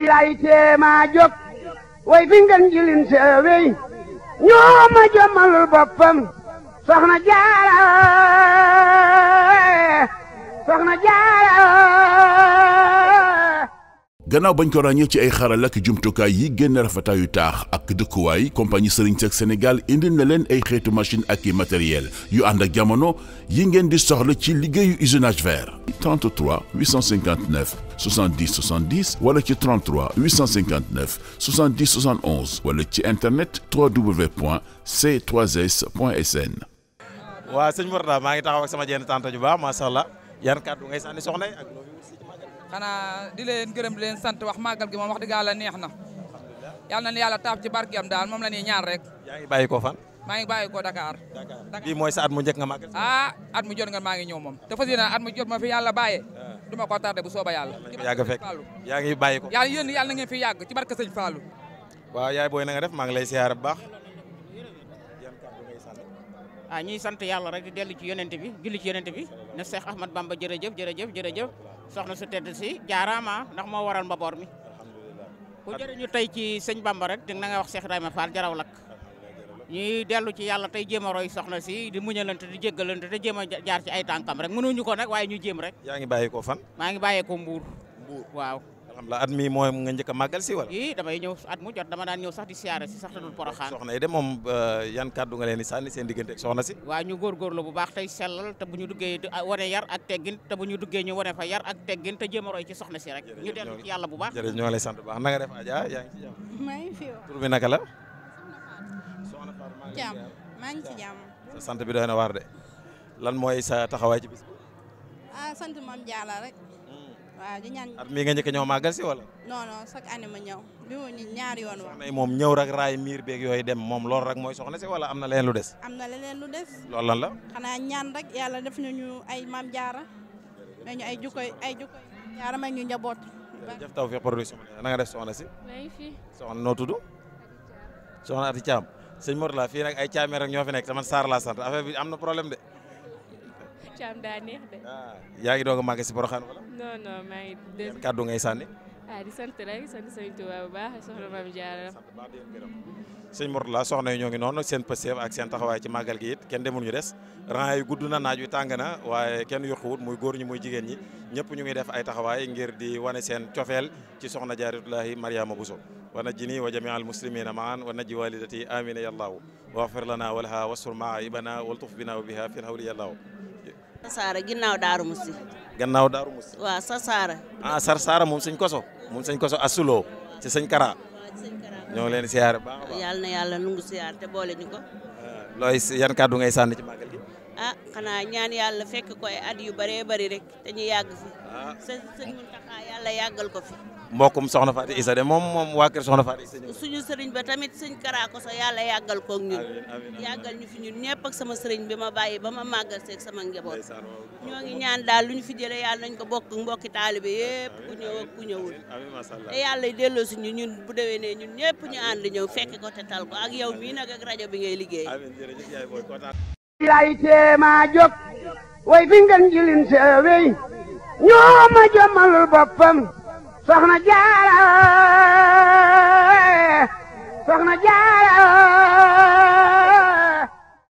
lay tee maa jóg way fi ngeen jilin seewey ñoo ma jommalul boppam soxna soxna jaara gannaaw bañ ko ràññee ci ay xaral lakk jumtukaay yi génn rafetaayu taax ak dëkkuwaay compagnie Serigne Seck Sénégal indil na leen ay xeetu machine ak i matériel yu ànd ak jamono yi ngeen di soxla ci liggéeyu usinage vert. 33 859 70 70 wala ci 33 859 70 71 wala ci internet www.c3s.sn. waa sëñ Mourtada maa ngi taxaw ak sama jenn tante ju baax macha allah yan kàddu ngay sànni soxna yi ak loolu xanaa di leen gërëm di leen sant wax màggal gi moom wax dëgg yàlla neex na yàlla na yàlla taaf ci barkeem daal moom la ñuy ñaan rek. yaa ngi bàyyi fan. maa ngi bàyyi ko Dakar. Dakar mooy sa at mu njëkk nga màggal. ah at mu jot nga maa ngi ñëw moom. te fas yéene at mu jot ma fi yàlla bàyyee. Ah. du ma ko tardé bu sooba yàlla. yàgg fekk yaa ngi bàyyi ko. yàlla yéen yàlla na ngeen fi yàgg ci barke sëñ Fallou. waaw yaay booy na nga def maa ngi lay siyaar bu baax. ah ñi sant yàlla rek di dellu ci yonent bi julli ci yonent bi na Cheikh Ahmad Bamba jërëjëf jërëjëf jërëjëf soxna su tedd si jaaraama ndax moo waral mbaboor mi. ku ñu tey ci sëñ Bamba rek na nga wax Cheikh Ibrahima Fall jaraw lakk ñuy dellu ci yàlla tey jéem a roy soxna si di muñalante di jéggalante te jéem a jaar ci ay tànkam rek mënuñu ko nag waaye ñu jéem rek. yaa ngi bàyyeekoo fan. maa ngi bàyyeekoo Mbour. Mbour waaw. alhamdulilah at mii mooy nga njëkk a màggal si wala. ii damay ñëw at mu jot dama daan ñëw sax di siyaare si sax te dul poroxaan. soxna yi de moom euh, yan kàddu nga leen di sànni seen ak soxna si. waaw ñu góorgóorlu bu baax tey sellal te bu ñu duggee ah, wane ak teggin te bu ñu duggee ñu wane fa yar ak teggin te jéem a roy ci soxna si rek. ñu dellu ci yàlla bu baax jërëjëf ñoo lay sant bu baax na nga def Adja yaa ci jàmm. maa ngi fi tur naka la. soxna Fatou maa ci jàmm. sa sant bi doy na waar de lan mooy sa taxawaay ci bi. Ah, waaw di ñaan at mii nga njëkk a ñëw màggal si wala. non chaque année ma ñëw bi mu ñaari yoon wax. moom ñëw rek raay miir beeg yooyu dem moom loolu rek mooy soxna si wala am na leneen lu des. am lu des. loolu lan la. xanaa ñaan rek yàlla def nañu ay maam jaara. nañu ay ay jukkoy jaara may ñu njaboot. taw Tawfekh Production na nga def soxna si. oui fii. soxna noo tudd. soxna Ati Thiam sëñ Mor la fii nag ay caameer rek ñoo fi nekk te man Sarr laa sant affaire bi am na problème de. Thiam daa neex de. Ah. yaa ngi doog a màgg si Porokhane wala. non maa ngi. yan kàddu ngay sànni. ah di sant rek baax soxna Mame Diarra. sant baax di gërëm. soxna yi ñoo ngi noonu seen pësteef ak seen taxawaay ci màggal gi it kenn demul ñu des rang yi gudd naaj wi tàng na waaye kenn yuxuwut muy góor ñi muy jigéen ñi ñëpp ñu ngi def ay taxawaay ngir di wane seen cofeel ci soxna Jaaratullaahi Mariama Bousso wa najjini wa jamii al muslimina maan wa najji walidati amina yallaahu waxfir Sarsara ginnaaw Daaru Musti. gannaaw Daaru Musti. waaw Sarsara. sa ah, Sarsara moom sëñ Koso. moom sëñ Koso asuloo ci sëñ Kara. ñoo leen siyaare baax baax. yàlla na yàlla nungu siyaare te boole ñu ko. Ah, looy yan kàddu ngay sànni ci màggal gi. a ah, xanaa ñaan yàlla fekk koy at yu bëree bëri rek te ñu yàgg fi. ah sëñ Muntaxa yàlla yàggal ko fi. mbokkum soxna Fatou Issa de moom moom waa kër soxna Fatou Issa suñu sëriñ ba tamit sëñ karaako so yàlla yàggal ko ñun yàggal ñu fi ñun ñëpp ak sama sëriñ bi ma bàyyi ba ma màggal seeg sama njaboot ñoo ngi ñaan daal ñu fi jëlee yàlla nañ ko bokk mbokki taalibe yëpp ku ñëw ak ku ñëwul te yàlla delloo si ñu ñun bu déwee ne ñun ñëpp ñu ànd ñëw fekk ko te tal ko ak yow mii nag ak rajo bi ngay liggéey lay teema jóg way fi ngeen jilin seewey ñoo ma jëmalul boppam soxna jaara